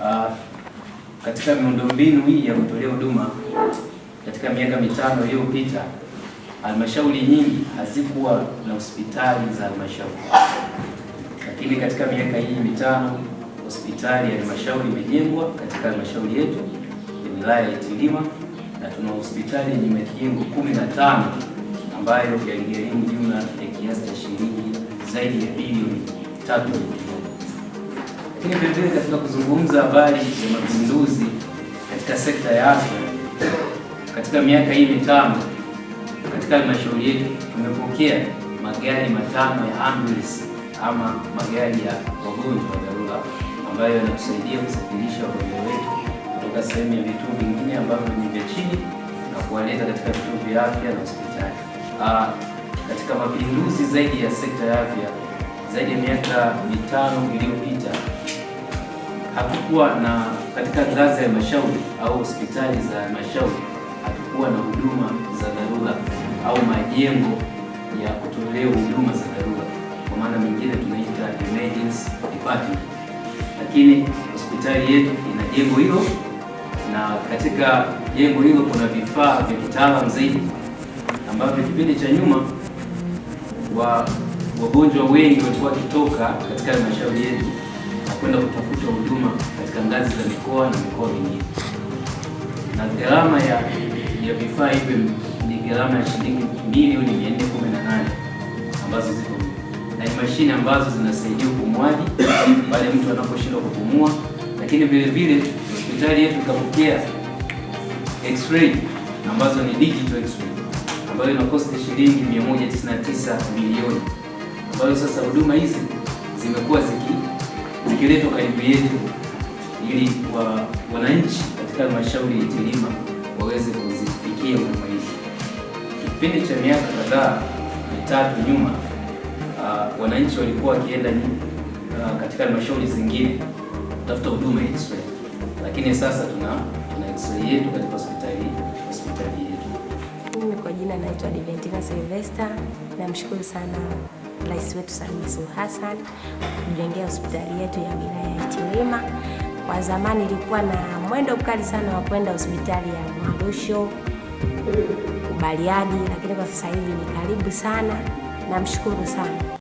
Uh, katika miundombinu hii ya kutolea huduma katika miaka mitano iliyopita, halmashauri nyingi hazikuwa na hospitali za halmashauri, lakini katika miaka hii mitano hospitali ya halmashauri imejengwa katika halmashauri yetu ya wilaya ya Itilima na tuna hospitali yenye majengo 15 ambayo yaligharimu jumla ya kiasi cha shilingi zaidi ya bilioni tatu. Lakini vilevile katika kuzungumza habari za mapinduzi katika sekta ya afya katika miaka hii mitano katika halmashauri yetu tumepokea magari matano ya ambulance ama magari ya wagonjwa wa dharura ambayo yanatusaidia kusafirisha wagonjwa wetu kutoka sehemu ya vituo vingine ambavyo ni vya chini na kuwaleta katika vituo vya afya na hospitali. Ah, katika mapinduzi zaidi ya sekta ya afya zaidi ya miaka mitano iliyopita, hakukuwa na katika ngazi ya halmashauri au hospitali za halmashauri, hakukuwa na huduma za dharura au majengo ya kutolea huduma za dharura, kwa maana mingine tunaita emergency department, lakini hospitali yetu ina jengo hilo, na katika jengo hilo kuna vifaa vya kitaalamu zaidi ambavyo kipindi cha nyuma wa wagonjwa wengi walikuwa wakitoka katika halmashauri yetu kwenda kutafuta huduma katika ngazi za mikoa na mikoa mingine, na gharama ya ya vifaa hivyo ni gharama ya shilingi milioni 418 ambazo ziko na ni mashine ambazo zinasaidia upumuaji pale mtu anaposhindwa kupumua, lakini vile vile hospitali yetu ikapokea x-ray ambazo ni digital x-ray ambayo ina shilingi 199 milioni. Kwa hiyo sasa huduma hizi zimekuwa ziki zikiletwa karibu yetu ili wa, wananchi katika halmashauri ya Itilima waweze kuzifikia huduma hizi. Kipindi cha miaka kadhaa mitatu nyuma, uh, wananchi walikuwa wakienda uh, katika halmashauri zingine kutafuta huduma ya x-ray, lakini sasa tuna tuna x-ray yetu katika hospitali hospitali yetu. Mimi kwa jina naitwa Diventina Silvester, namshukuru sana Rais wetu Samia Suluhu Hassan kujengea hospitali yetu ya wilaya ya Itilima. Kwa zamani ilikuwa na mwendo mkali sana wa kwenda hospitali ya Mwarusho Bariadi, lakini kwa sasa hivi ni karibu sana. Namshukuru sana.